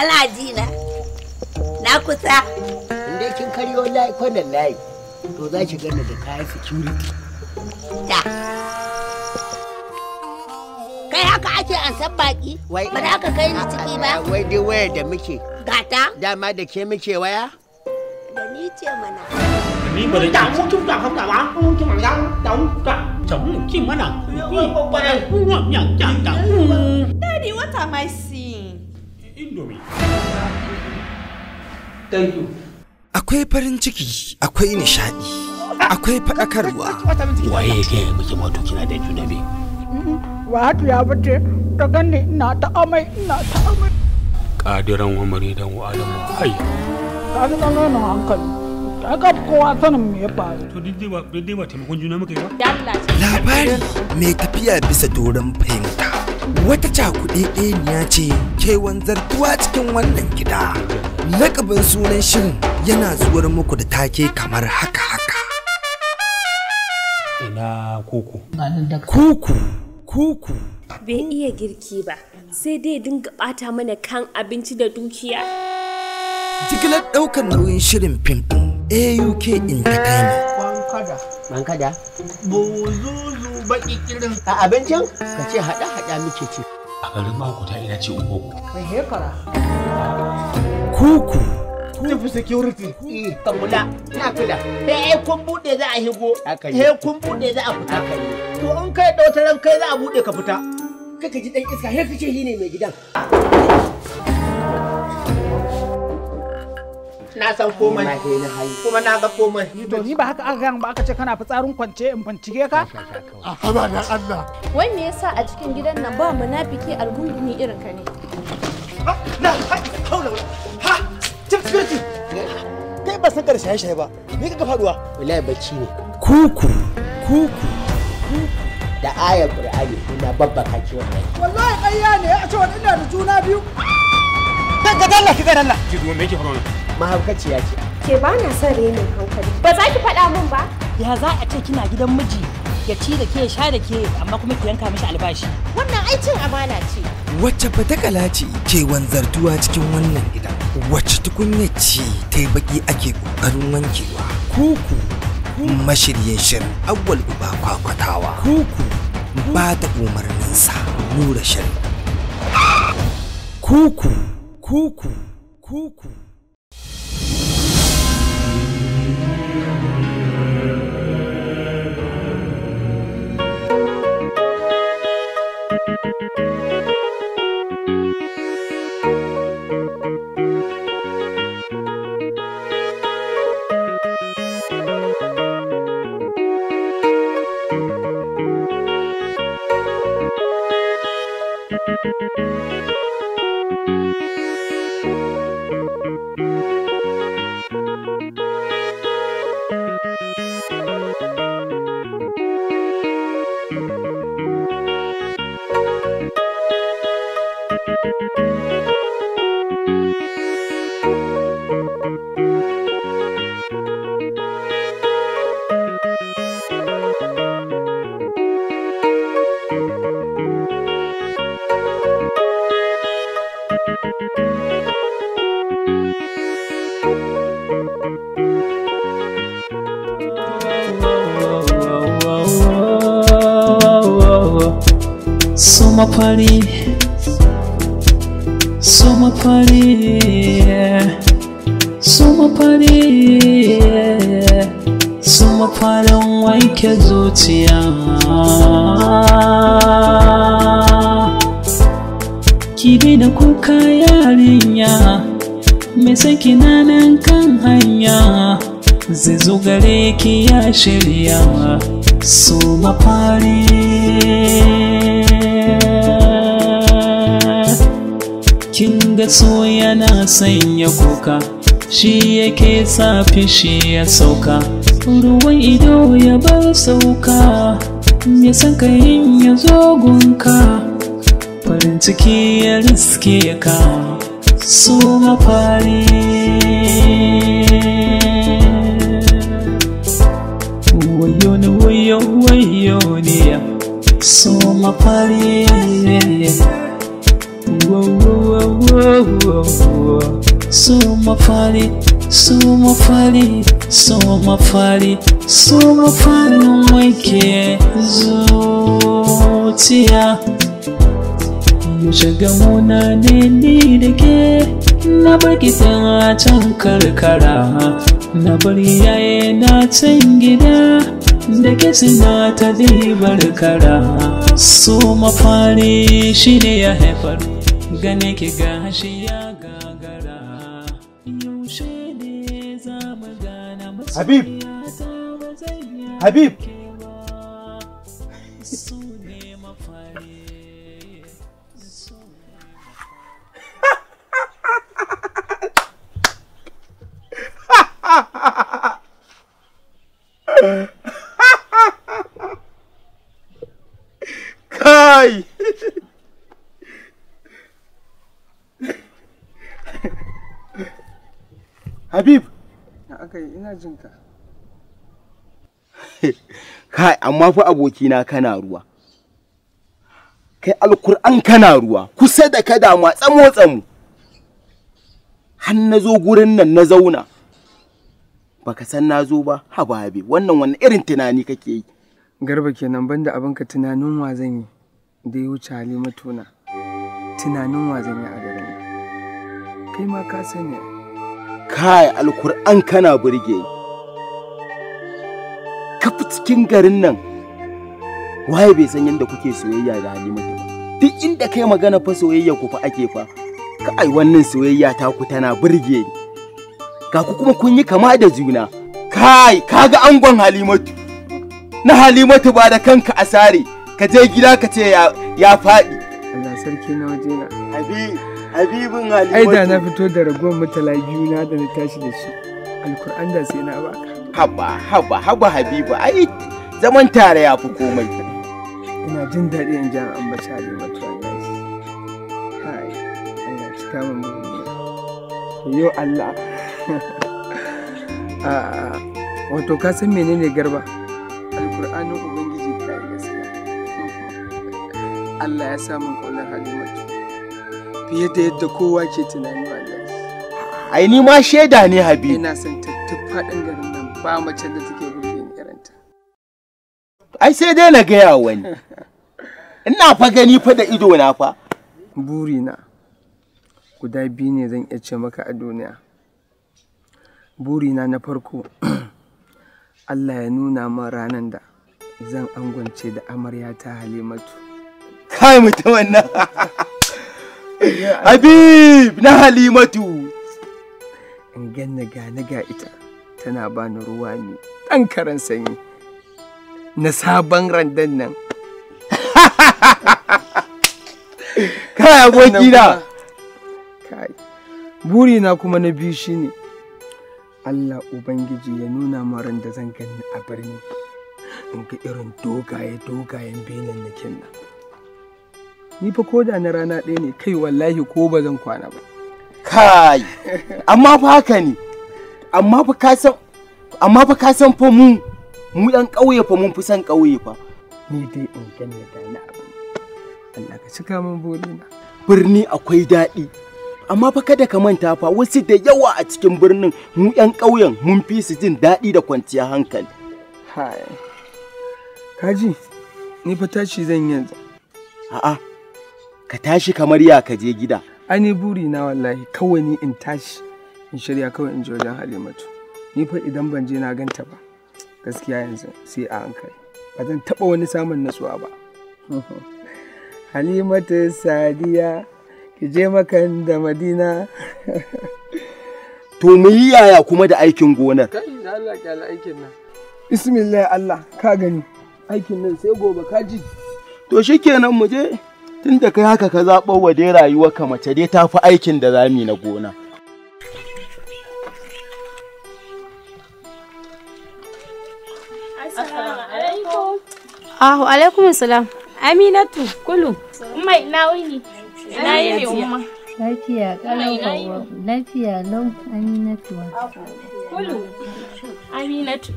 kana ji na na kusa in dai kin karyo layi kwanan layi to za ki gane da kayan security da kai haka ake an san baki ba da ka kai ni ciki ba wai dai waya da muke gata dama da ke muke waya da ni ce mana ni ba da ki mutu kin ka haka ba kun kin da damu ka damu kin mana ku ba ba ba ku wa ta ya damu dadi what am i akwai farin ciki akwai nishadi akwai faɗakarwa waye ya gaya miki wato kina da juna biyu mm-hmm. wato ya bace ta ganni ina ta amai ina ta amai kadiran wa maridan wa alamu hayya ka ga nan hankali aka kowa sanin me ya faru. To dai ba taimakon juna muke ba? Labari mai tafiya bisa doron fahimta. wata cakuɗeɗeniya ce ke wanzartuwa cikin wannan gida lakabin sunan shirin yana zuwar muku da take kamar haka haka ina kuku kuku kuku bai iya girki ba sai dai dinga bata mana kan abinci da dukiya jigilar ɗaukar nauyin shirin fim auk entertainment kada ban kada buzuzu baki kirin a abincin ka ce hada hada muke ci a garin mako ta ina ce ugogo kai hefara kuku tafi security eh, ka kula na kula da eh, ai eh, kun buɗe za a higo sai kun buɗe za a fita to in kai dautaran kai za a buɗe ka fita kai ka ji ɗan iska sai kace shi ne mai gidan na san komai kuma na ga komai to ni ba haka aka ba aka ce kana fitsarin kwance in bincike ka a ah, haba dan Allah wai me yasa a cikin gidan nan ba munafiki algungumi irin ka ne ah, na haula ha tafsirti kai ba san karshe shaye ba ni ka faduwa wallahi bacci ne kuku kuku da ayar qur'ani ina babbaka ki wallahi wallahi ƙarya ne a ce ina da juna biyu kan ka dalla ki dalla ki zo me yake faruwa mahaukaciya ce ke ba na son renin hankali ba za ki faɗa min ba ya za a ce kina gidan miji ya ci da ke sha da ke amma kuma ki yanka mishi albashi wannan aicin amana ce wacce fatakala ce ke wanzartuwa cikin wannan gidan wacce tukunya ce ta baki ake ƙoƙarin wankewa kuku mashiryin shirin agwal uba kwakwatawa kuku ba da umarninsa nura shirin kuku kuku kuku Thank you. ke zuciya kibi da kuka yarinya me saki nanan kan hanya zai gare ki ya shirya so mafari kin ga soyana yana sanya kuka shi yake sa fishi ya sauka ruwan ido ya bar sauka ya san kayin ya zo gunka farin ciki ya riske ka so mafari wayo ni wayo wayo ne so mafari mafari mafari mafari su mafarin wanke zuciya mu shiga muna ne ni da ke na bar can karkara na bar yaye na can gida da ke ta dibar kara su mafari shi ya haifar gane ki gashi Habib! Habib! Kai! Habib! aka ina jin ka. Kai, amma fa abokina kana ruwa. Kai alkur'an kana ruwa, kusa da ka dama tsamo tsamo. Har na zo gurin nan na zauna. Baka san na zo ba, hababe, wannan wani irin tunani kake yi. Garba kenan banda abin ka tunanin wa zan yi da ya wuce Halimatu na. Tunanin wa zan yi a garin. Kai ma ka sani. kai alkur'an kana burge kafi cikin garin nan waye bai san yadda kuke soyayya da halimatu ba duk inda kai magana fa soyayya ku fa ake fa kai wannan soyayya ta ku tana burge ka ga ku kuma kun yi kama da juna kai kaga angon halimatu na halimatu ba da kanka a sare ka je gida ka ce ya faɗi Allah sarki na abi habibin halima ai da na fito da ragowar mutala biyu na da na tashi da shi alkur'an da sai na baka haba haba haba habiba ai zaman tare ya fi komai ina jin daɗi in jan ambaci halima tuwanan kai Allah cika min yo Allah ah, wato ka san menene garba alkur'anin ubangiji yi gaskiya Allah ya samu kaunar halima fiye da yadda kowa ke tunani wallahi ai ni ma shaida ne habi ina son tattun faɗin garin nan ba mace da take burge ni ai sai dai na gaya wani ina fa gani fa da ido na fa buri na guda biyu ne zan iya ce maka a duniya buri na na farko Allah ya nuna min ranar da zan angwance da amarya ta halimatu kai mutumin nan Habib na Halimatu. In ganna ga naga ita tana bani ruwa ne ɗan karan sanyi na sabon randan nan. Kai aboki na. Kai. Buri na kuma na biyu shine Allah Ubangiji ya nuna maran da zan gani a birni. In ga irin dogaye dogayen benin nakin nan. ni fa ko da na rana ɗaya ne kai wallahi ko ba zan kwana ba kai amma fa haka ne amma fa ka san amma fa ka san fa mu mu dan ƙauye fa mun fi san ƙauye fa ni dai in gane da na Allah ka cika min burina birni akwai daɗi amma fa kada ka manta fa wasu da yawa a cikin birnin mu ƴan ƙauyen mun fi su jin daɗi da kwanciyar hankali kaji ni fa tashi zan yanzu a'a ka tashi kamar ya ka je gida ani buri na wallahi kawai ni in tashi in shirya kawai in je wajen halimatu ni fa idan ban je na ganta ba gaskiya yanzu sai a hankali ba zan taɓa wani samun natsuwa ba halimatu sadiya ki je makan da madina to mu yi yaya kuma da aikin gonar kai da Allah ki aikin nan bismillah Allah ka gani aikin nan sai gobe ka ji to shikenan mu je tun da kai haka ka zaɓo wa dai ka mace dai ta fi aikin da zami na gona. Ahu alaikum salam. Aminatu kulu. Umma ina wuni. Ina yi ne umma. Lafiya kalau Lafiya lau Aminatu. Kulu. Aminatu.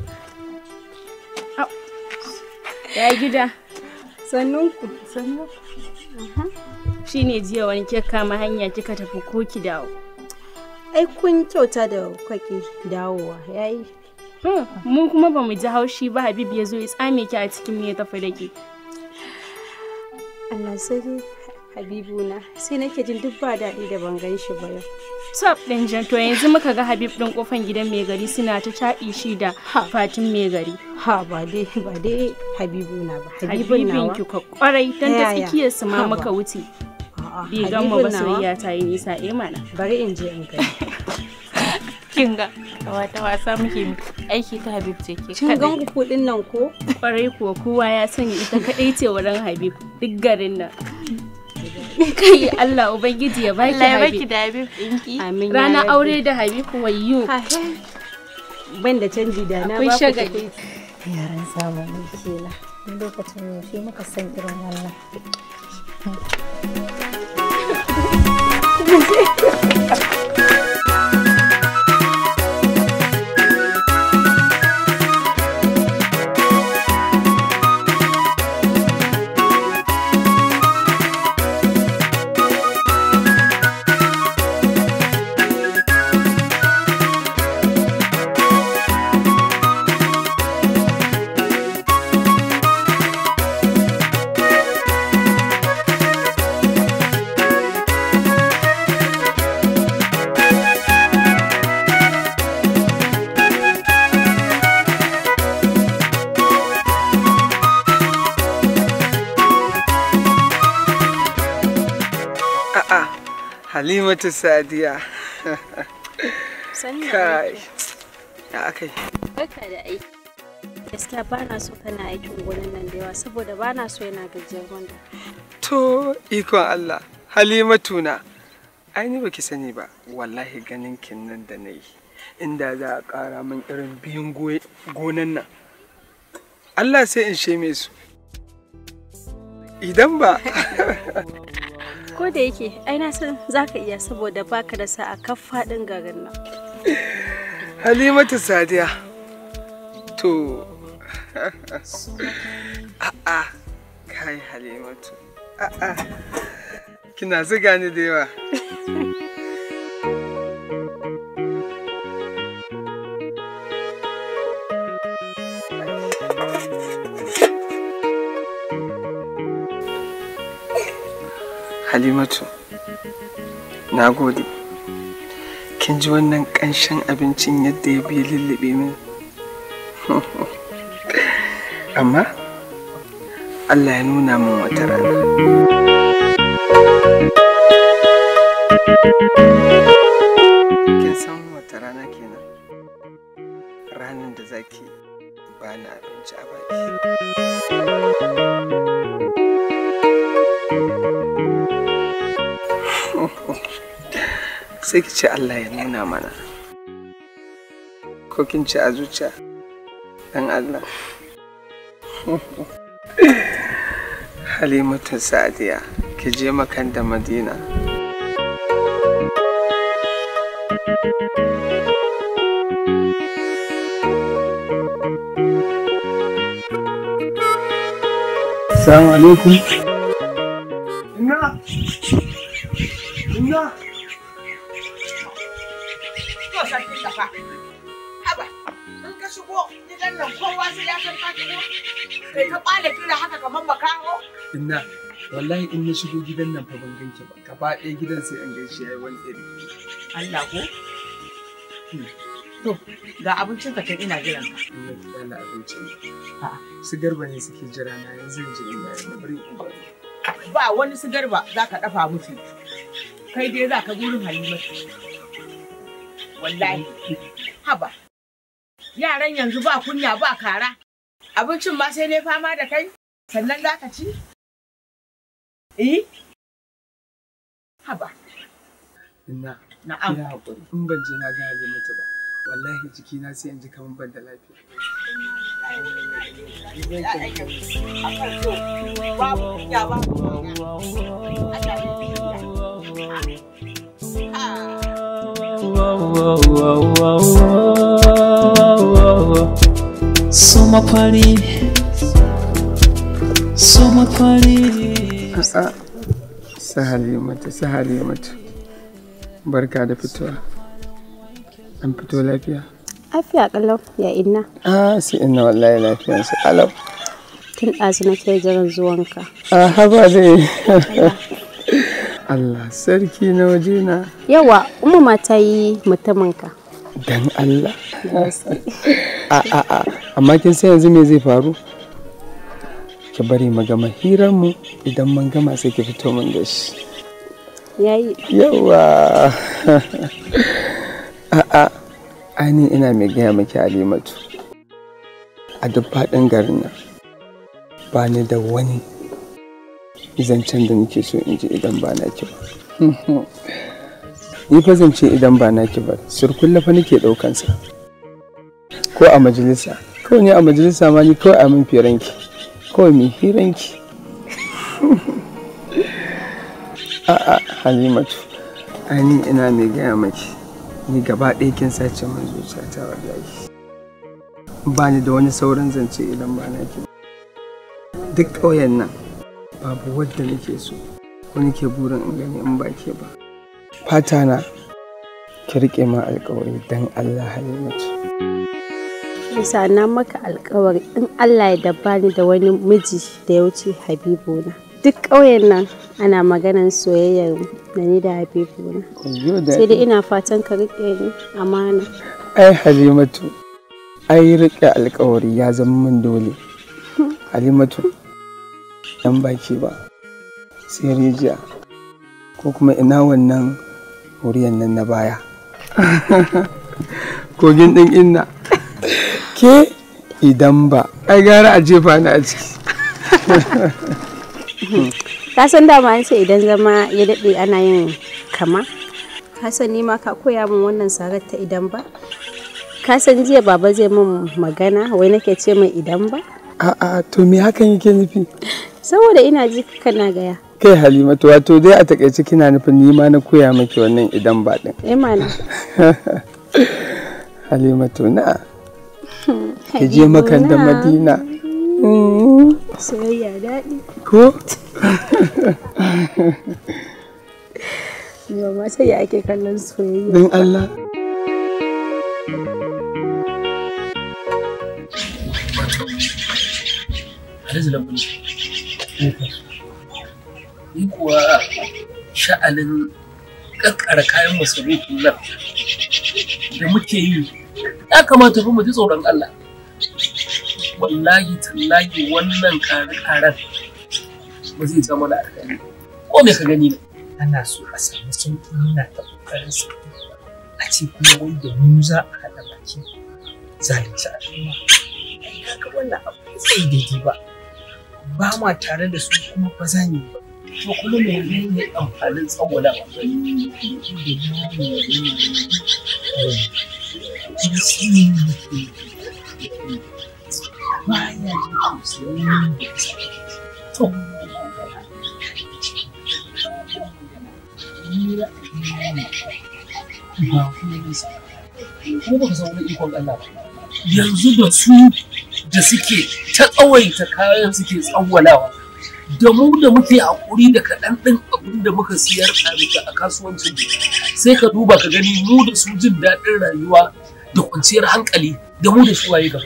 Ya gida. Sannunku. Sannunku. shine jiya wani kika kama hanya kika tafi ko ki dawo ai kun kyauta da kwaki dawowa yayi hmm, mu kuma ba mu ji haushi ba habibu ya zo ya tsame ki a cikin me ya tafi da ke Allah sai habibuna sai nake jin duk ba daɗi da ban gan shi ba yau top ɗin jan to yanzu muka ga habib ɗin kofan gidan mai gari suna ta taɗi shi da fatin mai gari ha ba dai ba dai habibuna ba habibu nawa ki kwarai don ta tsakiyar su ma muka wuce bi gan mu ba soyayya ta yi nisa eh mana bari in je in kai. kin ga wata wasa muke aiki ta Habib ce ke Kin gan ku kuɗin nan ko? Kwarai kuwa kowa ya sani ita kadai ce wurin Habib duk garin nan. kai Allah ubangiji ya baki Allah ya baki da Habib ɗinki amin rana aure da Habib wayyo ban da canji da na ba ku shagali yaran samu kila lokacin ne shi muka san irin wannan Thank you. mata sadiya kai ya akai baka da aiki gaskiya ba na so kana aikin gurin nan da yawa saboda ba na so yana gajiyar wanda to ikon allah halimatu na aini baki sani ba wallahi ganin kin nan da na yi inda za a ƙara min irin biyun gonan nan allah sai in sheme su idan ba Ko da yake, ai na san za ka iya saboda baka da sa a kaf garin nan. Halimatu Sadiya. To. A'a, kai Halimatu. A'a. Kina ziga ni da yawa. halimatu na gode kin ji wannan kanshin abincin yadda ya biya lullube min amma allah ya nuna min wata rana kin san sai ki ce Allah ya nuna mana ko kin ce a zuciya dan Allah halimatu sadiya ki je makan da madina Assalamu alaikum. fa haba in ka shigo gidan nan kowa sai ya san ka shigo kai ta kwale kira haka kamar makaho inna wallahi in na shigo gidan nan fa ban ganke ba gaba ɗaya gidan sai an gaishe yayi wani iri Allah ko hmm. To, ga abincin ka kai ina jiran ka. Ina kiyala abincin. Su garba ne suke jira na yanzu in ji ina da bari in ba. Ba wani su garba za ka dafa mutu. Kai dai za ka gurin Halimatu. wallahi haba yaran yanzu ba kunya ba kara abincin ma sai ne fama da kai sannan za ka ci eh haba ina na'am ina hakuri in ban je na gaya ne mutu ba wallahi jiki na sai in ji kaman ban da lafiya babu kunya babu kunya Allah ya Summer party Summer A'a, Sahali mata sahali mata barka da fitowa an fito lafiya Afiya, kalau ya inna ah sai inna wallahi lafiya su alau tun ɗazu nake jiran zuwanka A ah, haba zai Allah sarki na waje na. Yawa, umma ma ta yi mutuminka. Dan Allah. a a a, amma kin sai yanzu me zai faru? Ki bari mu gama hirar mu idan mun gama sai ki fito mun da shi. Yayi. Yawa. a a, ani ina mai gaya miki Alimatu. A duk faɗin garin nan. Ba ni da wani zancen da nake so in ji idan ba na ki ba mhm. ni fa zance idan ba na ki ba surkulla fa nake ɗaukansa ko a majalisa ko ne a majalisa ma ni kawai a min firanki kawai mai a a'a halimatu ani ina mai gaya maki ni gaba ɗaya kin sace min zuciyata wallahi ba ni da wani sauran zance idan ba na ki duk ƙauyen nan babu wadda nake so ko nake burin in gani in ba ke ba fata na ki riƙe ma alƙawari don Allah halimaci bisa na maka alƙawari in Allah ya ni da wani miji da ya wuce habibu na duk ƙauyen nan ana maganan soyayyar na ni da habibu na sai dai ina fatan ka riƙe ni amana ai halimatu ai riƙe alƙawari ya zama min dole halimatu 'yan baki ba sai rijiya ko kuma ina wannan wuriyan nan na baya kogin ɗin inna ke idan ba ai gara a jefa ni a ciki ka san dama an ce idan zama ya daɗe ana yin kama ka san ni ma ka koya min wannan sarar ta idan ba ka san jiya baba zai min magana wai nake ce mai idan ba a'a to me hakan yake nufi saboda ina ji kana gaya kai halimatu wato dai a takaice kina nufin nima na koya maki wannan idan ba din eh mana halimatu na ki je makantar madina soyayya daɗi ko Mama sai ya ake kallon soyayya. Don Allah. Alhaji Labuji. Ni kuwa sha'anin ƙaƙƙara kayan masarufin nan da muke yi ya kamata mu ji tsoron Allah. Wallahi tallahi wannan ƙare-ƙaren ba zai zama da alƙali. Ko me ka gani ne? Ana so a samu sauƙi nuna ta ƙoƙarin sauƙi. A ce kuma wanda mu za a haɗa baki zalunci al'umma. Ai, kaga wannan abu zai daidai ba. ba ma tare da su kuma ba za ni ba to kuma me ne amfanin tsawala to ba kuma ba ka san wani ikon Allah ba yanzu da su da suke ta tsawaita kayan suke tsawalawa da mu da muke hakuri da kaɗan ɗin abin da muka siyar a a kasuwancin sai ka duba ka gani mu da su jin daɗin rayuwa da kwanciyar hankali da mu da su waye gaba.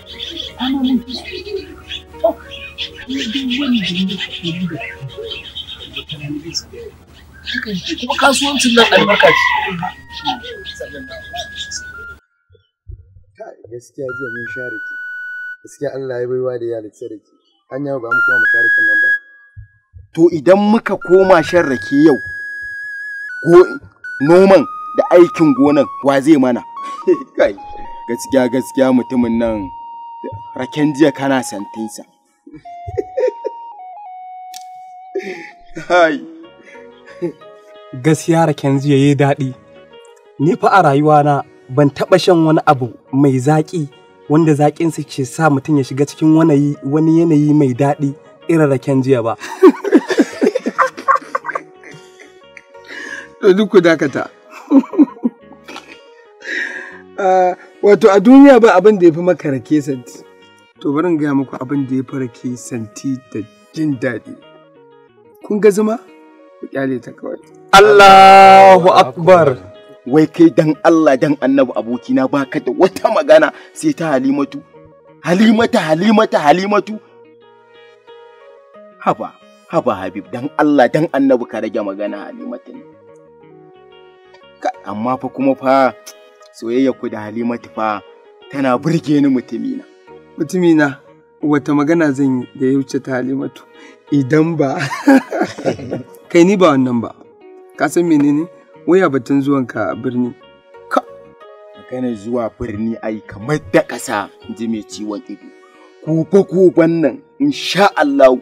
kuma kasuwancin nan albarka ce. Gaskiya jiya mun share ki. gaskiya Allah ya baiwa da ya da ke an yawo ba mu kuma mu nan ba to idan muka koma shan rake yau ko noman da aikin gonan wa zai mana kai gaskiya gaskiya mutumin nan raken jiya kana santinsa Hai. gaskiya raken jiya yayi daɗi ni fa a rayuwana ban taɓa shan wani abu mai zaƙi wanda zaƙinsa ke sa mutum ya shiga cikin wani yanayi mai daɗi irin raken jiya ba. To duk ku dakata. Ah, wato a duniya ba abin da ya fi maka rake santi. To bari gaya muku abin da ya fi rake santi da jin daɗi. Kun ga zuma? Ku ta kawai. Allahu Akbar. wai kai dan Allah dan annabi abokina baka da wata magana sai ta halimatu halimata halimata halimatu haba haba habib dan Allah dan annabi ka rage magana Halimatu amma fa kuma fa soyayya ku da halimatu fa tana burge ni mutumina mutumina wata magana zan yi da ya ta halimatu idan ba kai ni ba wannan ba ka san menene waya batun zuwanka birni Ka. magana zuwa birni ayi kamar da ƙasa ji mai ciwon ido kufa kuban nan insha Allah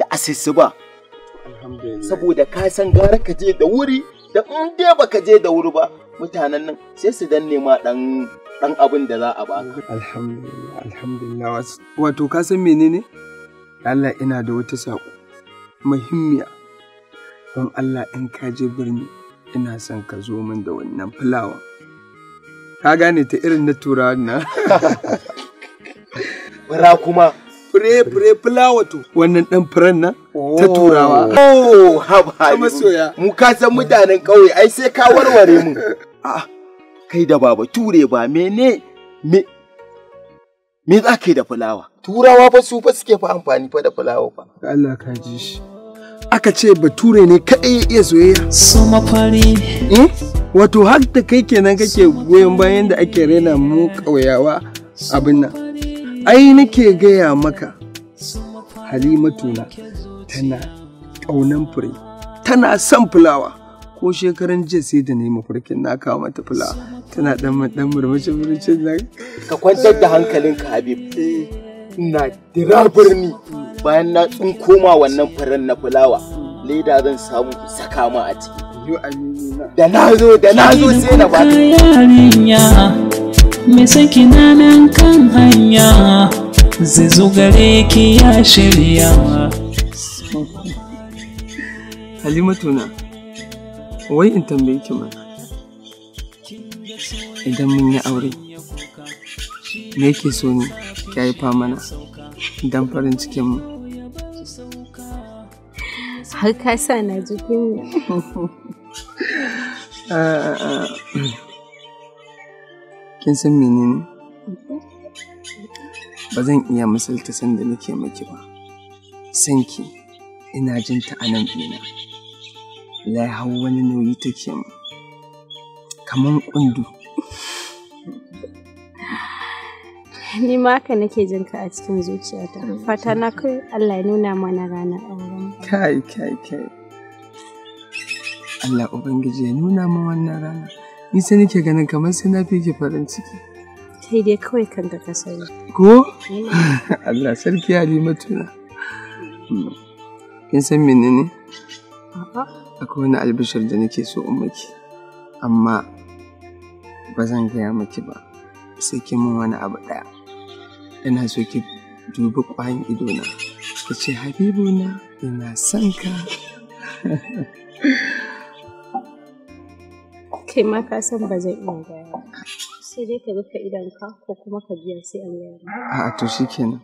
da asisi ba saboda ka san gara ka je da wuri da in dai baka je da wuri ba mutanen nan sai su dan ma dan dan abin da za a ba alhamdulillah alhamdulillah wato ka san menene Allah ina da wata sako muhimmiya don Allah in ka je birni ina son ka zo min da wannan fulawa ka gane ta irin na turawa na fura kuma fure fure fulawa to wannan dan furen nan ta oh. turawa oh haba masoya mu ka san mutanen kauye ai sai ka warware mu a ah. kai da baba ture ba mene me me za ka yi da fulawa turawa fa su fa suke fa amfani fa da fulawa fa Allah ka ji shi aka ce bature ne kaɗai ya iya soyayya. Soma fari. Hmm? Wato har da kai kenan kake goyon bayan da ake raina mu ƙauyawa abin nan. Ai nake gaya maka Halimatu na tana ƙaunan fure, tana son fulawa. Ko shekaran jiya sai da nemi mafarkin na kawo mata fulawa tana ɗan ɗan murmushin murmushin nan. Ka kwantar da hankalinka Habib. Eh. Ina dira birni. bayan na koma wannan farin na fulawa leda zan samu saka ma a ciki da na zo da na zo sai na bata yarinya me saki na nan kan hanya zai zo gare ki ya shirya halimatu na wai in tambaye ki mana idan mun yi aure me yake so ne ki haifa mana don farin cikin mu. Har ka sa na jikin Kin san menene? Ba zan iya misalta da nake miki ba. Sanki ina jin ta a nan ɗina. Lai hau wani nauyi take mu. Kaman ƙundu. ni ma haka nake jin ka a cikin zuciyata mm, fata na kai Allah ya nuna mana ranar auren kai kai kai Allah ubangiji ya nuna mana wannan rana ni sai nake ganin kamar sai na fi ki farin ciki kai dai kawai kan ka kasari ko Allah sarki ji mutuna hmm. kin san menene akwai wani albishir da nake so in miki amma ba zan gaya miki ba sai kin mun wani abu ɗaya ina so ki dubi kwayan idona ki ce Habibu na ina son ka kai ma ka san ba zai iya gaya sai dai ka rufe ka ko kuma ka biya sai an a a'a to shi kenan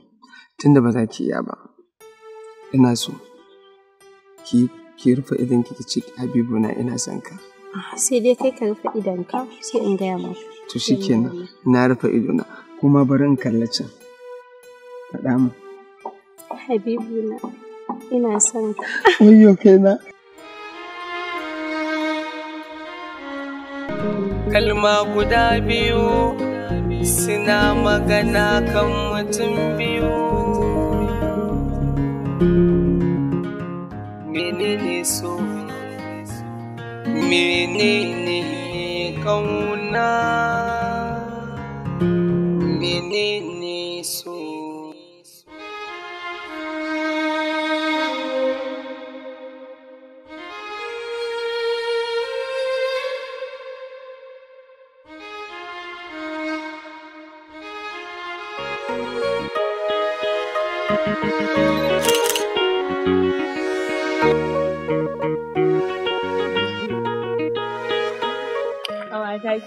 tunda ba za ki iya ba ina so ki ki rufe idan ki ce Habibu na ina son ka sai dai kai ka rufe ka sai in gaya maka to shi kenan na rufe idona kuma bari in kalla can Faɗa mu. ina son ka. kaina. Kalma guda biyu suna magana kan mutum biyu. Menene so? Menene kauna? Menene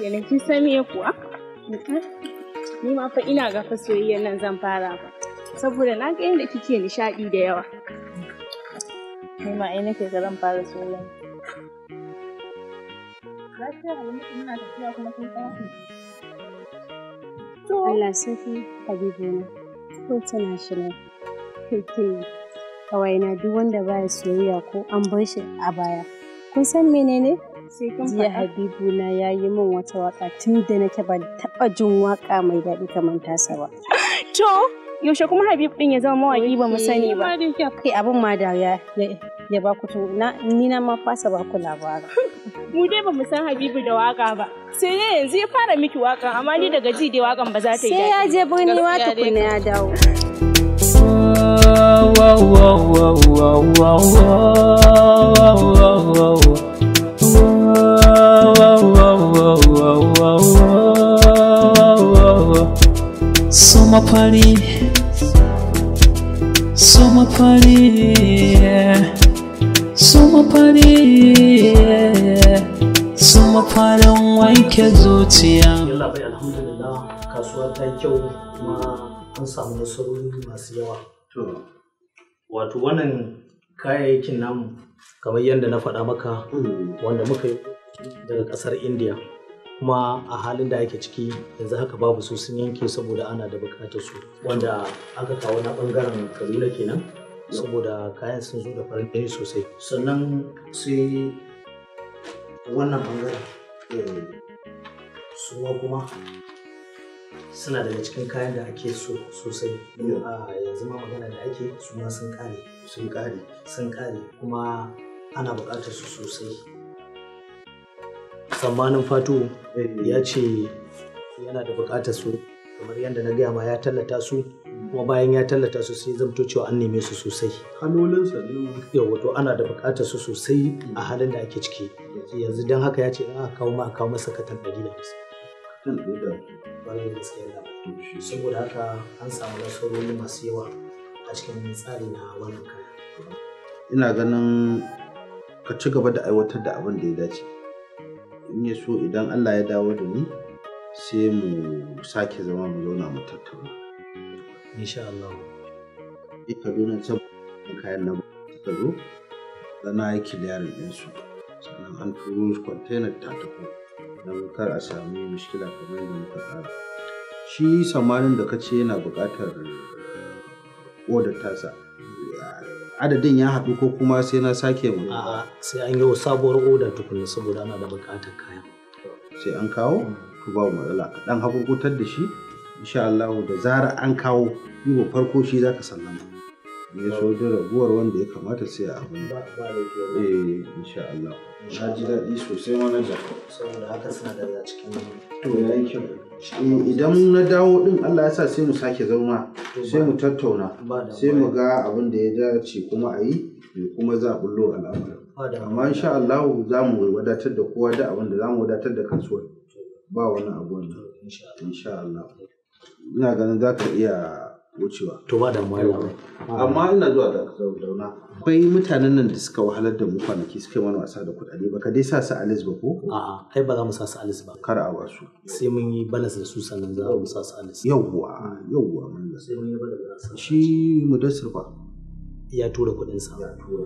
kenan kin san me kuwa ni ma fa ina ga soyayyar nan zan fara ba saboda na ga yadda kike nishadi da yawa ni ma ai nake ga zan fara soyayya Allah sarki Habibu na ko tana shi ne kike kawai na duk wanda baya soyayya ko an bar shi a baya kun san menene jiya habibu na ya yi min wata waka tun da nake ban taɓa jin waka mai daɗi kamar tasa ba to yaushe kuma habibu ɗin ya zama mawaki ba mu ba kai abin ma da ya ba ku na ni na ma fasa ba ku labara mu dai ba mu san habibu da waka ba sai yanzu ya fara miki waka amma ni daga ji dai wakan ba za ta yi sai ya je birni ma tukuna ya dawo wow wow wow wow wow wow wow wow summer party summer party yeah. summer party farin wanke zuciya yalla alhamdulillah kasuwa ta kyau kuma an samu nasarori masu yawa wato wannan kayayyakin namu kamar yadda na faɗa maka hmm. wanda muka yi daga ƙasar indiya. kuma a halin da ake ciki yanzu haka babu su sun yanke saboda ana da bukatar su wanda aka kawo na bangaren kabila kenan saboda kayan sun zo da farin ɗaya sosai sannan sai wannan bangaren eh, su kuma suna daga cikin kayan da ake so sosai a yanzu ma magana da ake ma sun kare sun kare sun kare kuma ana bukatar su sosai tsammanin fatu eh. ya ce yana da bukatar su kamar yadda na gaya ma ya tallata su kuma bayan ya tallata su sai zamto cewa an neme su sosai halolinsa ne wato ana da bukatar su sosai a halin da ake ciki yanzu don haka ya ce ina kawo ma a kawo masa katan ɗari da saboda haka an samu nasarori masu yawa a cikin tsari na wannan kaya ina ganin ka ci gaba da aiwatar da abin da ya dace in ya so idan Allah ya dawo da ni sai mu sake zama mu zauna mu tattauna insha Allah ya Kaduna saboda kayan na ta zo dana ya kiliyarin ɗinsu sannan an turo container ta tafi don kar a sami mishkila kamar da muka tsara shi samanin da ka ce yana buƙatar eh, odar tasa adadin ya haɗu ko kuma sai na sake mu a'a sai an yi sabuwar oda tukunna saboda ana da buƙatar kaya. sai an kawo ku mm. ba matsala ɗan hakurkutar da shi insha Allah da zara an kawo yi farko shi zaka sallama ne so da raguwar wanda ya kamata sai a abin da eh insha Allah na ji daɗi sosai manaja saboda haka suna daga cikin to yi kyau idan na dawo din Allah ya sa sai mu sake zauna sai mu tattauna sai mu ga abin da ya dace kuma a yi kuma za a bullo al'amarin amma insha Allah za mu wadatar da kowa da abin da za mu wadatar da kasuwar ba wani abu wannan insha Allah ina ganin za ka iya wucewa to ba damuwa ba. amma ina zuwa da zauna akwai mutanen nan da suka wahalar da mu kwanaki suka yi mana wasa da kuɗaɗe ba ka dai sa su alis ba ko a'a kai ba za mu sa su alis ba kar a wasu sai mun yi balas da su sannan za mu sa su alis yawwa yawwa mun sai mun yi balas shi mudassir ba ya tura sa ya tura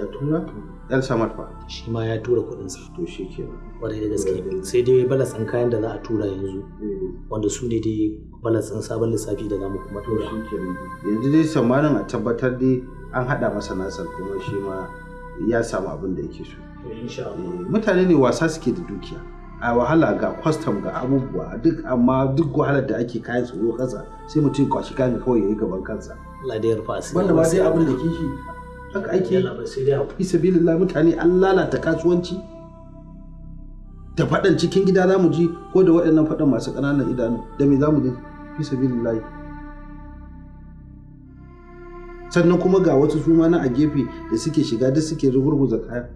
ya tura yan samar fa shi ma ya tura sa to shi kenan kwarai da gaske sai dai san kayan da za a tura yanzu eh. wanda su ne dai san sabon lissafi da zamu kuma tura yanzu dai samanin a tabbatar dai an haɗa masa nasar kuma shi ma ya samu abin da yake so eh, mutane ne wasa suke da dukiya a wahala ga kwastam ga abubuwa duk amma duk wahalar da ake kayan tsoro kasa sai mutum kwashi kayan kawai ya yi gaban kansa ladiyar fasi wanda ba sai abin da ke shi haka ake fi sabilillah mutane an lalata kasuwanci da faɗan cikin gida za mu ji ko da waɗannan faɗan masu ƙananan idanu da me za mu ji fi sabilillah sannan kuma ga wasu suma na a gefe da suke shiga duk suke rugurguza kaya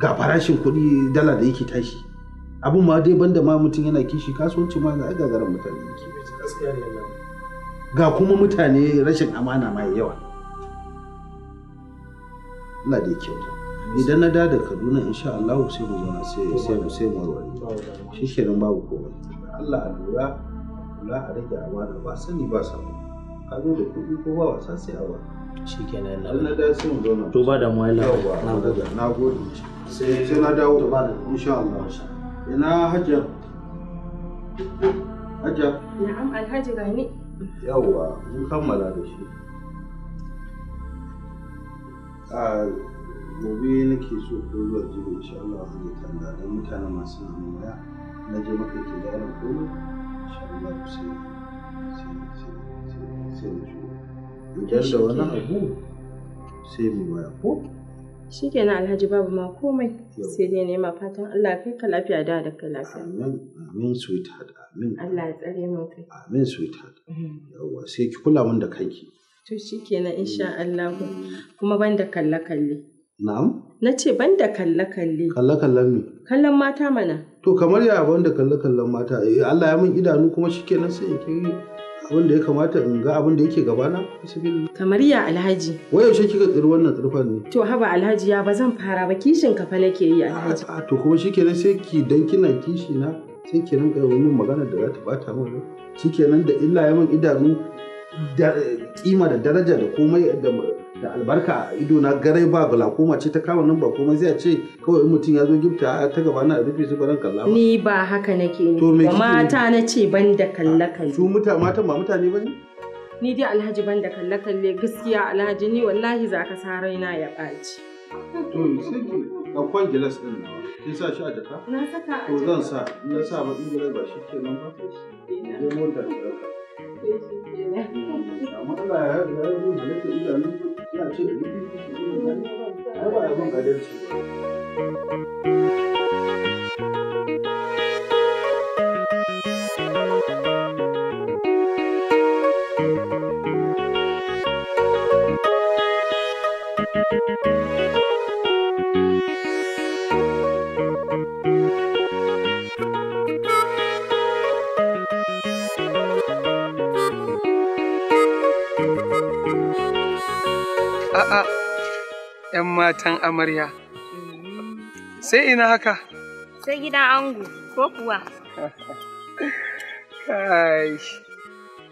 ga farashin kuɗi dala da yake tashi abun ma dai banda ma mutum yana kishi kasuwanci ma ga gagarin mutane yake gaskiya ne ga kuma mutane rashin amana mai yawa Allah da yake idan na da da Kaduna insha Allah sai mu zauna sai sai mu sai mu warware shikenan babu komai Allah a lura kula a rage amana ba sani ba sabo ka zo da kudi ko ba wasa sai a wani shikenan Allah da sai mu zauna to ba da mai lafiya na gode sai sai na dawo ba da insha Allah ina hajjar hajjar na'am alhaji gani yawwa mun kammala da shi a gobe nake so ko zuwa jibi insha Allah zai tanda da mutanen masu nan waya na je maka ke da yaran komai insha Allah ku sai sai sai mu shi idan da wani abu sai mu waya ko shikenan alhaji babu ma komai sai dai nema fatan Allah kai ka lafiya da da kai lafiya amin amin sweetheart Amin. Allah ya tsare mu kai. Amin sweetheart. Mm-hmm. Yawwa sai ki kula min da kanki. To shikenan insha mm. Allah kuma da kalle kalle. Na'am? Na ce da kalle kalle. Kalle kallen me? Kallon mata mana. To kamar ya da kalle kallon mata eh, Allah ya min idanu kuma shikenan sai in ki abin da ya kamata in ga abin da yake gabana kamar ya alhaji wai yaushe kika tsiri wannan tsirfan ne to haba alhaji ya ba zan fara ba kishin kafa nake yi alhaji ah, ah, to kuma shikenan sai ki dan kina kishi na sai ki rinka yi min magana da za ta bata min shi kenan da illa ya min idanu kima da daraja da komai da albarka a ido na garai ba glaucoma ce ta kama nan ba komai zai ce kawai in mutum ya zo gifta ta gaba na rufe su baran kalla ba ni ba haka nake ni ba mata na ce ban da kalle kalle su mutane matan ba mutane ba ne ni dai alhaji ban da kalle kalle gaskiya alhaji ni wallahi za ka sa raina ya ɓaci to sai ki ɗaukan gilas ɗin nan Kin sa shi a jaka? Na saka To zan sa, na sa maɗugular ba shi ba? mota da ɗauka. Amma Allah ya yi rarrabu halittar idanun ya ce da nufin su ne ba ba abin adalci. Thank you. a'a ‘yan matan amarya. Sai ina haka? Sai gidan ango ko kuwa? Kai,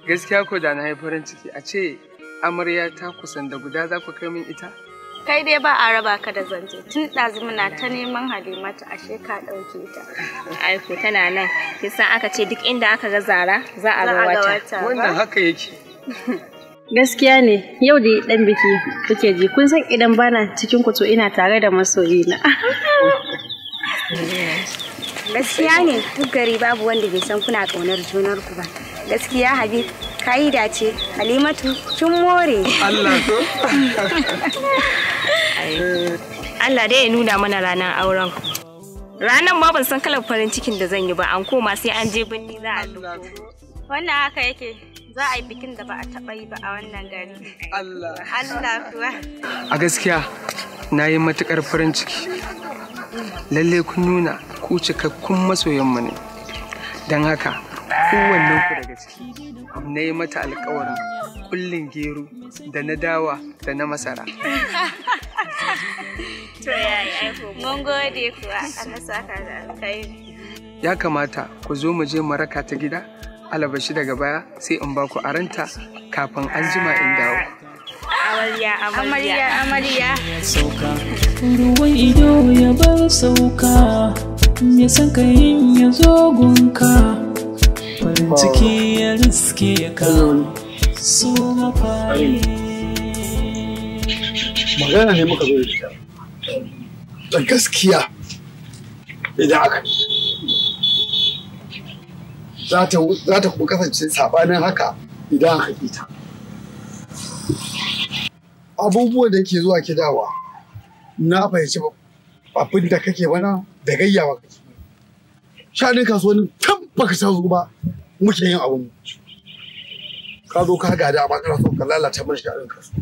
gaskiya ko da na yi farin ciki a ce amarya ta kusan da guda za ku kai min ita? Kai dai ba a raba ka da zance tun ɗazu muna ta neman halimata ashe ka ɗauke ta. Aiko tana nan, kisan aka ce duk inda aka ga zara za a ga wata. Wannan haka yake. gaskiya ne yau da dan biki kuke ji kun san idan bana cikin ku to ina tare da masoyina gaskiya ne duk gari babu wanda bai san kuna ƙaunar junar ku ba gaskiya habib kayi dace halimatu kin more Allah dai ya nuna mana ranar auren ranar ma ban san kalar farin cikin da zan yi ba an koma sai an je binni za a wannan haka yake za a yi bikin da ba a taɓa yi ba a wannan gari Allah kuwa a gaskiya na yi matuƙar farin ciki lalle kun nuna ku cikakkun masoyanmu ne don haka kowannen ku daga ciki na yi mata alkawarin kullin gero da na dawa da na masara mun gode kuwa a saka da alkhairi ya kamata ku zo mu je mu raka ta gida alabashi daga baya sai in baku aranta kafin an jima in dawo. Amarya, amarya, Ruwan ido ya bar sauka, ya san kayin ya zo gunka. Farin ciki ya riske ka, so mafari. Magana ne muka zo da gaskiya idan aka za ta kuma kasance sabanin haka idan aka ta. abubuwan da ke zuwa kidawa na fahimci abin da kake mana da gayyawa kake sha'anin kasuwanni tun baka san ba muke yin abin ka zo ka gada ba kana son ka lalata mana sha'anin kasuwa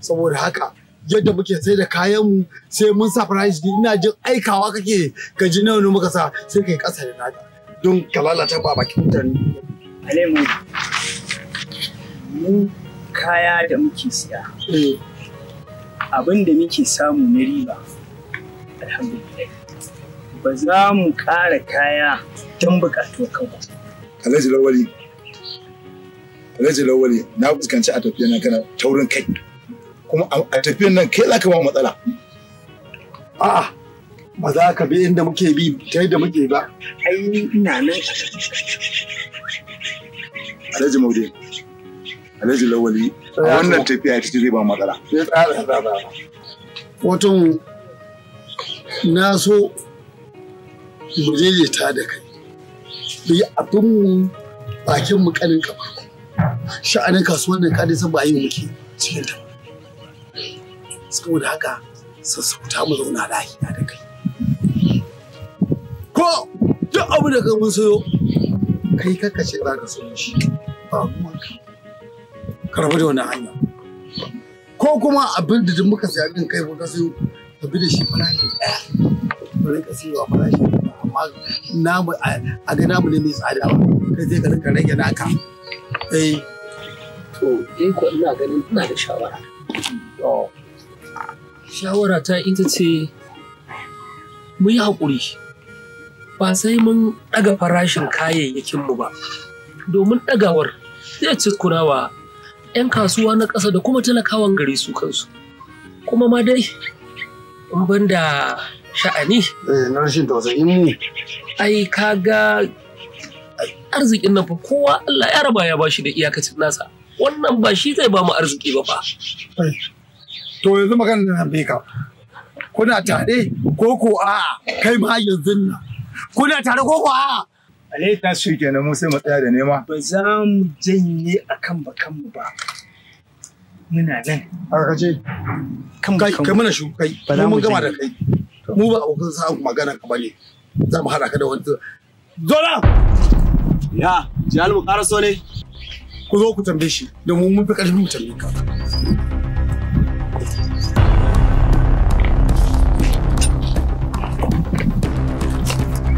saboda haka yadda muke sai da kayan mu sai mun sa price ina jin aikawa kake ka ji nawa ne muka sa sai kai kasa da naka don ka lalata ba bakin mutane. Alemu, mu kaya da muke siya, eh. abin da muke samu na riba, alhamdulillah. Ba za mu ƙara kaya don ka kanku. Alhaji Lawali, Alhaji Lawali, na fuskanci a tafiya na kana taurin kai. Kuma a tafiyan nan kai za ka ba matsala. A'a, ba za ka bi inda muke bi ta yadda muke ba. Ai ina nan. Alhaji Maude, Alhaji Lawali, wannan tafiya ta zai ba matsala. Ya tsara na so mu ta da kai. Bi abin mu bakin mu kanin ka ba. Sha'anin kasuwar nan kadai san ba yi muke cikin ta. Saboda haka sassauta mu zauna lafiya da kai. ko duk abu da kan mun sayo kai kaka ce za ka sayo shi ba kuma ka rabu da wannan hanya ko kuma abin da duk muka saya din kai ka sayo ka bi da shi farashi ɗaya ka rinka sayowa farashi amma namu a ga namu ne mai tsada ba kai zai ka rinka rage naka eh to dai ko ina ganin ina da shawara shawara ta ita ce mu yi haƙuri ba sai mun ɗaga farashin kayayyakin mu ba domin ɗagawar zai ci wa 'yan kasuwa na ƙasa da kuma talakawan gari su kansu kuma ma dai in ban sha'ani eh, na rashin tausayin mu ai kaga arzikin nan fa kowa Allah ya raba ya bashi da iyakacin nasa wannan ba shi zai ba mu arziki ba fa eh, to yanzu magana nan bai ka kuna tare ko ko a kai ma yanzu nan kuna tare ko kuwa alai ta shi kenan mu sai mu tsaya da nema ba za mu janye akan bakan mu ba muna nan ka ce kai kai mana shu kai mu mun gama da kai mu ba abokan sa magana ka bane za mu hada ka da wani zola ya mu karaso ne ku zo ku tambaye shi domin mun fi karfin mu tambaye ka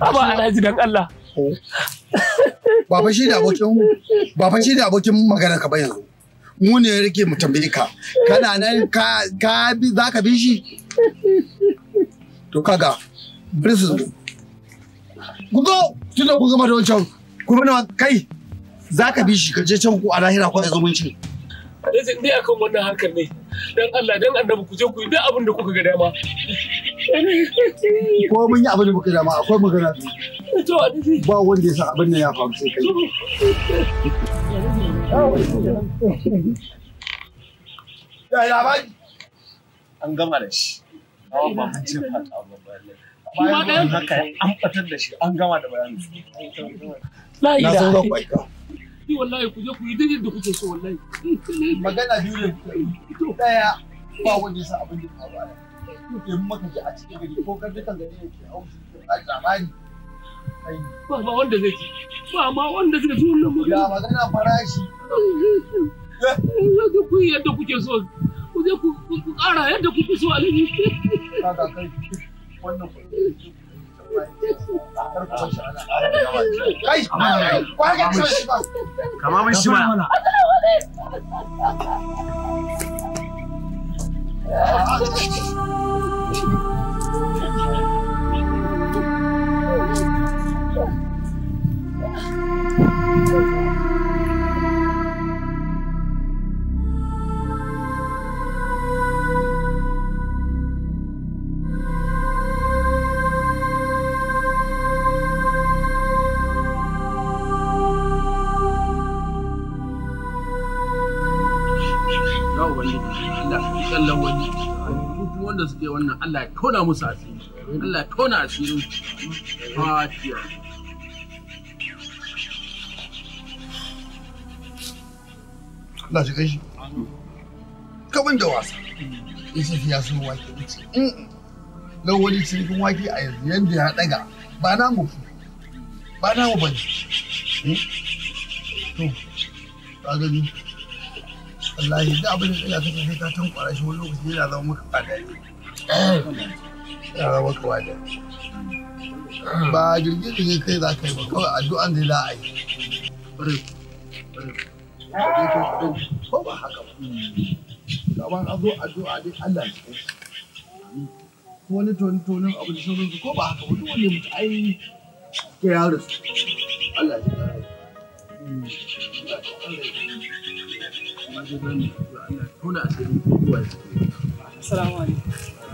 Aba alhaji dan Allah. Baba shi da abokin baba shi da abokin magana ka ba yanzu. Mu ne rike mu tambaye ka. Kana nan ka ka bi za ka bi shi? To kaga bari su zo. Ku zo ku gama da wancan ku bi kai za ka bi shi ka je can ku a lahira ko a zumunci. Alhaji dai akan wannan hankali? ne. dan Allah dan annabi ku je ku yi duk abin da kuka ga dama ko mun yi abin da kuka dama akwai magana to ba wanda ya san abin da ya faru sai kai ya ya ba an gama da shi kawo ba mun ce fata ba bayan haka an fatar da shi an gama da bayanin na zo da kwaika ni wallahi ku je ku yi duk yadda kuke so wallahi magana biyu ne daya ba wanda ya sa abin da ya faru ku ke maka ji a cikin gari ko kan dukan gari ne ke haushi a zamani ba ma wanda zai ji ba ma wanda zai ji wannan magana ya magana farashi yadda ku yi yadda kuke so ku je ku ƙara yadda kuke so alhaji kaga kai wannan kuɗi kama mai shi ma Thank you. suke wannan Allah ya tona musu asiri Allah ya tona asiri fatiya Allah shi kai shi kaban da wasa Yusuf ya so wake wuce dan mm, mm. wani cinikin wake a yanzu yanda ya daga ba na mu ba na mu bane hmm? to ka gani wallahi da abin da ya kasa sai ka tankwara shi wani lokaci yana zama maka fadari yara kawai wajen ba girgizin kai za ka yi ba kawai addu'an da za a yi ko ba haka ba kamar a zo addu'a dai Allah ne wani tonin tonin abu da sauran ko ba haka ba duk mutu ai ke yaro su Allah ya kare Assalamu ne.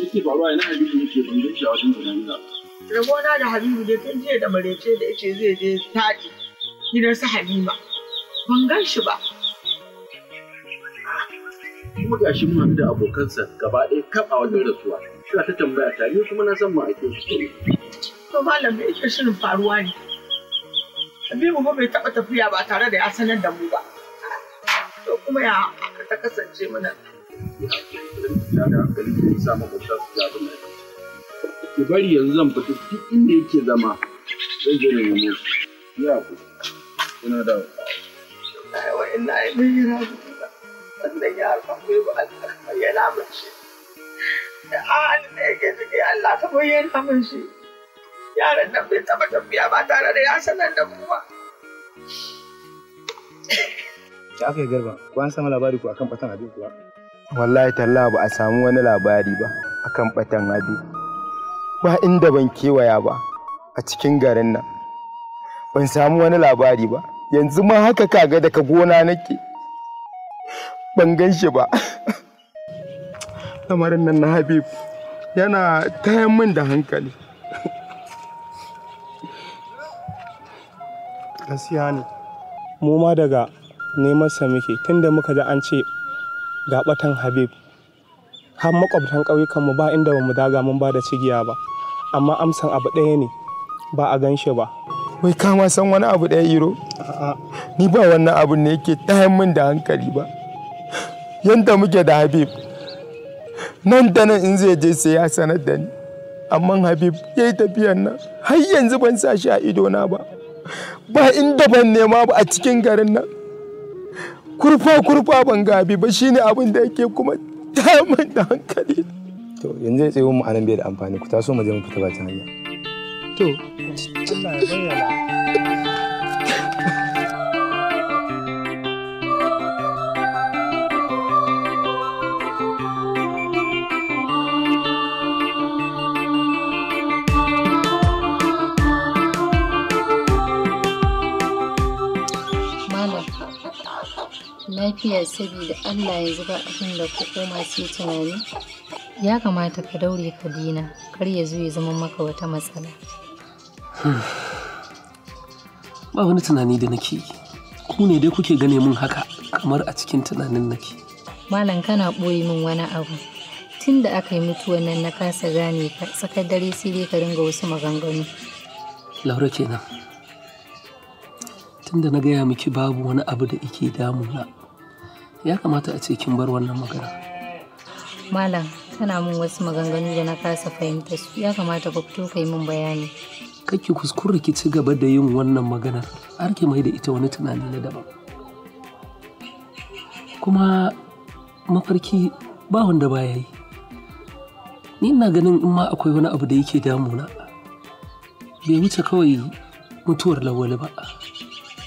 shi ke faruwa yana habibu ne ke ban shi a wajen gudanar da rabona da habibu dai kan jiya da marece da yace zai je taɗi gidan su halima ban gan shi ba kuma ga shi muna da abokansa gaba ɗaya kan a wajen rasuwa suna ta tambaya ta ni kuma na san ma ake shi to malam me yake shirin faruwa ne habibu ba bai taɓa tafiya ba tare da ya sanar da mu ba to kuma ya ta kasance mana ki bari yanzu zan fita duk inda yake zama zan je na nemo ya ku ina da wa'annan ai mun yi rabu wannan yaron bai ba Allah yana mace da halin da ke ciki Allah kamar yana mace Yaran nan bai taba tafiya ba tare da ya sanar da mu ba da aka yi garba ko an samu labari ko akan fatan abin kuwa wallahi talla ba a samu wani labari ba akan batan abi ba inda ban kewaya ba a cikin garin nan ban samu wani labari ba yanzu ma haka kaga daga gona nake ban gan ba lamarin nan na habib yana tayan min da hankali gaskiya ne mu ma daga neman sa muke tunda muka ji an ce gabatan habib har makwabtan mu ba inda ba mu daga mun ba da cigiya ba amma amsan abu ɗaya ne ba a gan shi ba wai kama san wani abu ɗaya iro ni ba wannan abu ne yake tayan min da hankali ba yadda muke da habib nan da nan in zai je sai ya sanar da ni amma habib ya yi tafiyan nan har yanzu ban sa shi a idona ba ba inda ban nema ba a cikin garin nan kurfa kurfa ban gabi ba ne abin da yake kuma damar da hankali to yanzu ya tsaye mu anan bai da amfani ku taso mu je mu fita ta hanya to Allah ya bayyana lafiya saboda Allah ya zuba abin da ku koma sai tunani ya kamata ka daure ka dina kar ya zo ya zama maka wata matsala ba wani tunani da nake ku ne dai kuke gane min haka kamar a cikin tunanin nake malam kana ɓoye min wani abu tun da aka yi mutuwan nan na kasa gane ka tsakar dare sai dai ka ringa wasu maganganu laura kenan tun da na gaya miki babu wani abu da ike damuna ya kamata a ce kin bar wannan magana malam tana min wasu maganganu da na kasa fahimta su ya kamata ka fito kai min bayani kake kuskure ki ci gaba da yin wannan maganar har ki mai da ita wani tunani na daban kuma mafarki ba wanda baya yi ni ina ganin in ma akwai wani abu da yake damuna bai wuce kawai mutuwar lawali ba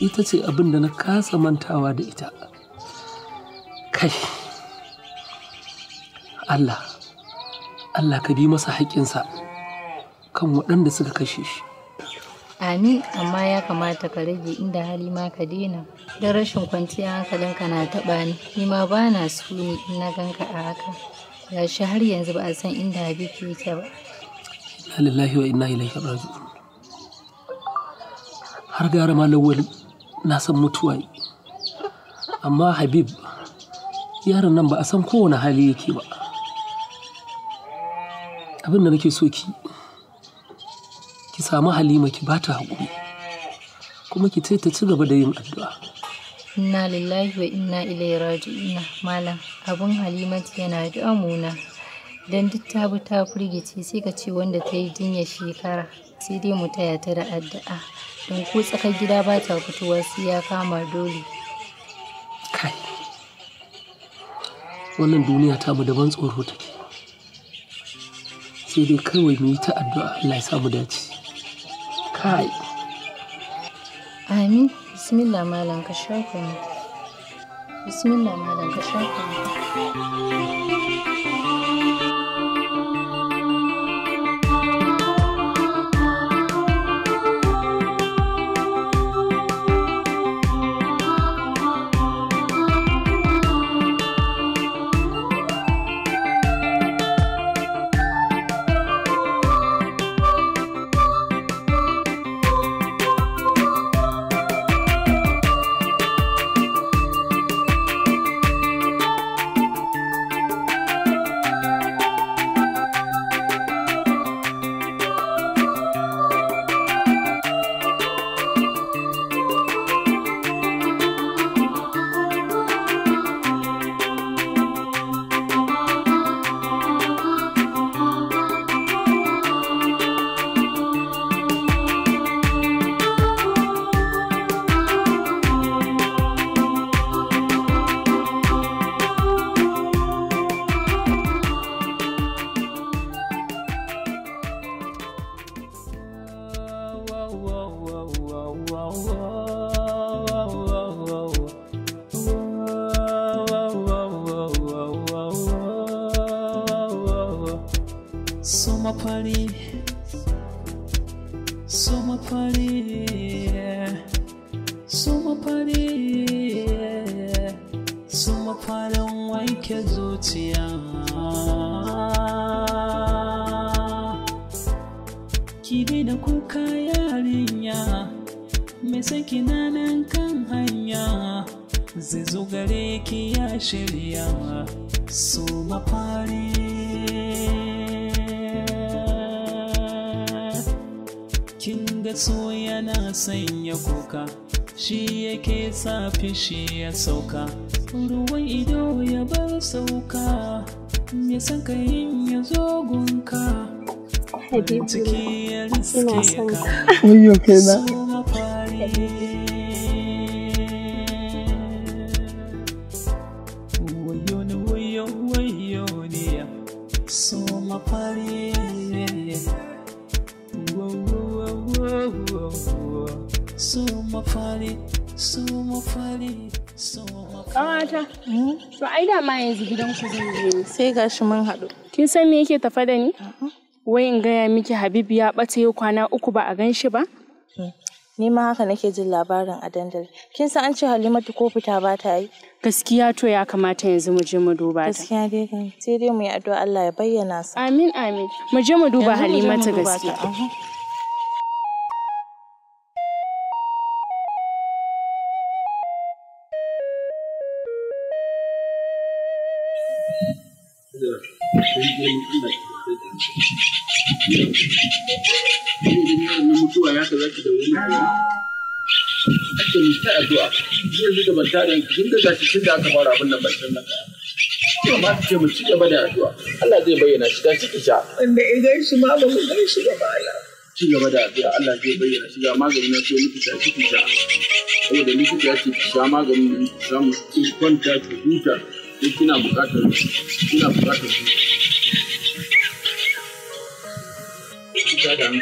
ita ce abin da na kasa mantawa da ita kai Allah Allah ka bi masa haƙƙinsa kan waɗanda suka kashe shi Amin amma ya kamata ka rage inda hali ma ka daina don rashin kwanciya ka na taɓa ni ni ma ba na suni in na ganka a haka shi har yanzu ba a san inda Habib yake ba Inna lillahi wa inna ilaihi raji'un har gara ma lawal na san mutuwa amma Habib yaron nan ba a san kowane hali yake ba abin da nake so ki ki samu halima ki bata haƙuri kuma ki ta ci gaba da yin addu'a inna lillahi wa inna ilaihi raji'un malam abun halimatu yana muna dan duk ta bi ta firgice sai ka ce wanda ta yi jinya shekara sai dai mu taya ta da addu'a don ko tsakar gida ba ta fitowa sai ya kama dole wannan duniya ta mu daban tsoro take sai dai kawai mu yi ta addu'a Allah ya samu dace kai amin bismillah malam ka shafa bismillah malam ka shafa fishi ya sauka ruwan ido ya bar sauka ya san kayin ya zo gunka ciki ya riske ka gidanku zan je sai gashi mun haɗu kin san me yake tafa da ni wai in gaya miki habib ya ɓace yau kwana uku ba a gan shi ba hmm. ni ma haka nake jin labarin a dandali kin san an ce halimatu ko fita ba ta yi gaskiya to ya kamata yanzu mu je mu duba ta gaskiya dai sai dai mu yi addu'a Allah ya bayyana su amin amin mu je mu duba halimatu gaskiya mutuwa ya ka ina zai da aka abin san ce mu ci gaba da addu'a Allah zai bayyana shi ta ciki sha wanda ya shi ma ba mu gaishi ba ba ci gaba da addu'a Allah zai bayyana shi ga maganin na so miki ta ciki sha saboda likita ya ce ki sha maganin mu kwanta ki huta kina bukatar kina bukatar até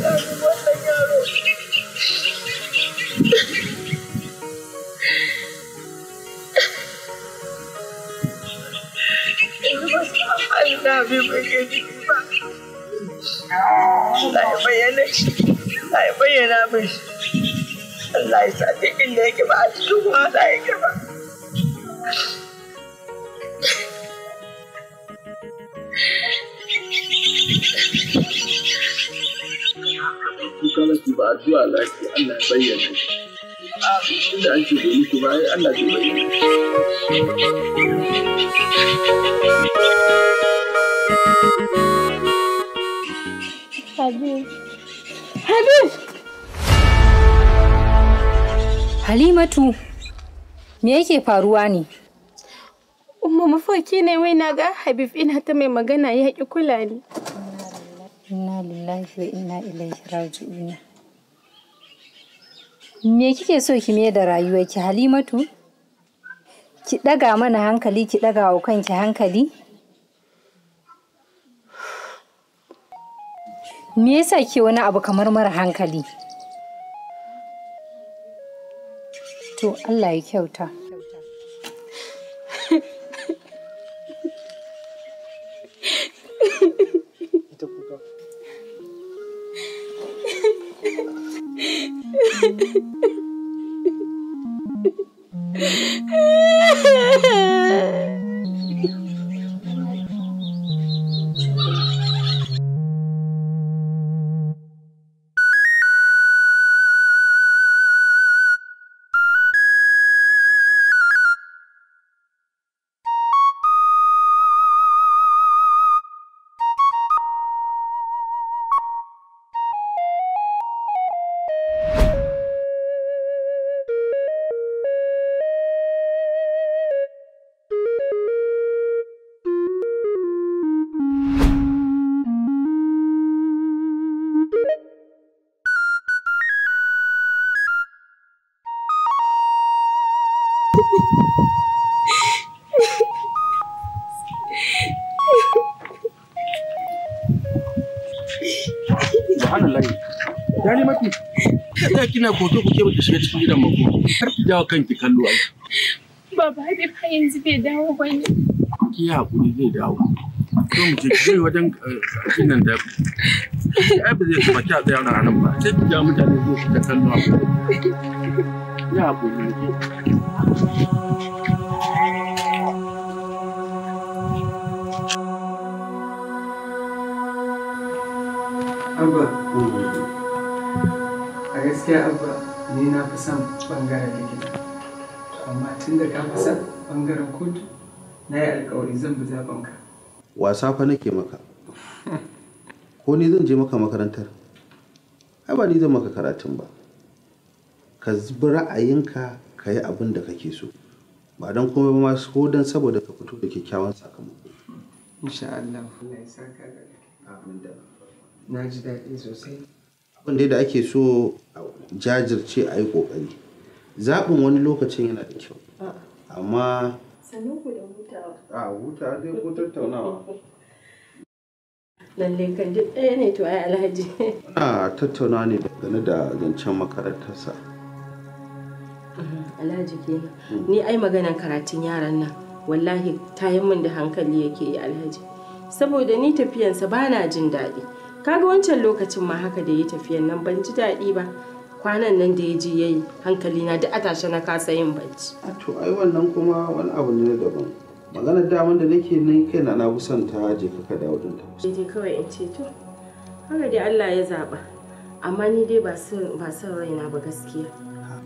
Thank you. abin bakin ciki ba. Allah Allah ya bayyana min shi. Allah ya sa duk ba a cikin Allah bayyana shi. Inda an ce da mutu ba Allah zai bayyana shi. Habib! Halimatu, me yake faruwa ne? Umma mafarki ne wai na ga Habib ina ta mai magana ya ƙi kula ne. Inna lillahi wa inna ilaihi Me kike so ki me da rayuwarki Halimatu? Ki ɗaga mana hankali, ki ɗaga wa kanki hankali? Me yasa ke wani abu kamar mara hankali? To Allah ya kyauta. Yeah. kina koke koke ba ki shiga cikin gidan mako har ki dawo kanki kallo ai baba bai fa yanzu bai dawo ba ne ki hakuri zai dawo to mu je kai wajen kakin eh, nan da ai ba zai kuma ki a tsaya nan ba sai ki ja mutane zo su ta kallo ya hakuri ne bangaren likita amma tun da ka kusa bangaren kotu na yi alkawari zan bi ka. wasa fa nake maka ko ni zan je maka makarantar ai ba ni zan maka karatun ba ka zubi ra'ayinka ka yi abin da kake so ba don komai ba masu ko saboda ka fito da kyakkyawan sakamako insha Allah Allah ya saka da abin da na ji daɗi sosai abin da ake so jajirce a yi ƙoƙari zaɓin wani lokacin yana da kyau amma sanin ku da hutawa a hutawa dai ko tattaunawa lalle kan duk ɗaya ne to ai alhaji a tattauna ne dangane da zancen makarantarsa alhaji kenan hmm. ni ai maganan karatun yaran nan wallahi tayin min da hankali yake yi alhaji saboda ni tafiyansa ba na jin daɗi kaga wancan lokacin ma haka da yi tafiyan nan ban ji daɗi ba kwanan nan da ya ji ya yi hankali na da atashe na kasa yin bacci. a to ai wannan kuma wani abu ne daban maganar daman da nake nan kaina na kusan ta je ka dawo din ta je kawai in ce to haka dai Allah ya zaba amma ni dai ba son ba son raina ba gaskiya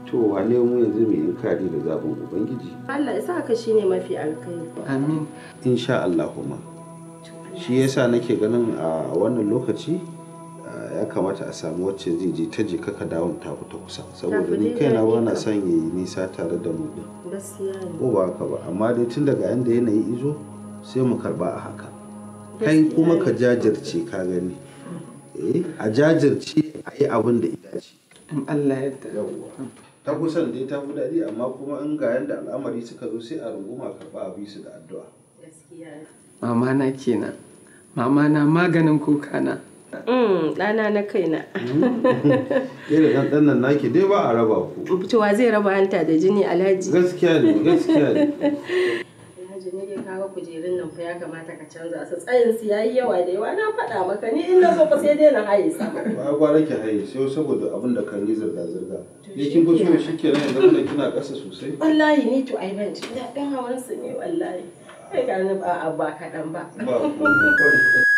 to wane mu yanzu mai kari da zaɓin ubangiji Allah isa ka shine mafi alkai amin insha Allah kuma shi yasa nake ganin a wannan lokaci ya kamata a samu wacce zai je ta je kaka dawon ta ta kusa saboda ni kai na bana son yi nisa tare da mu din ko ba haka ba amma dai tun daga yanda yanayi izo sai mu karba a haka kai kuma ka jajirce ka gani eh a jajirce a yi abin da ita ce in Allah ya ta kusan dai ta fi daɗi amma kuma in ga yanda al'amari suka zo sai a runguma karba a bisu su da addu'a mama na kenan mama na maganin kuka na Mm, ɗana na kaina. Irin ɗanɗan nan naki dai ba a raba ku. Fitowa zai raba hanta da jini alhaji. Gaskiya ne, gaskiya ne. Alhaji ne dai kawo kujerun nan fa ya kamata ka canza su tsayin su yayi yawa da yawa na faɗa maka ni in so fa sai dai na haye sa. Ba gwa nake haye sai saboda abin da kan yi zirga zirga. Ni kin fi so shi kenan yanzu da kina ƙasa sosai. Wallahi ni to I ban Da daɗin hawan su ne wallahi. Kai ga ni ba kaɗan ba. Ba.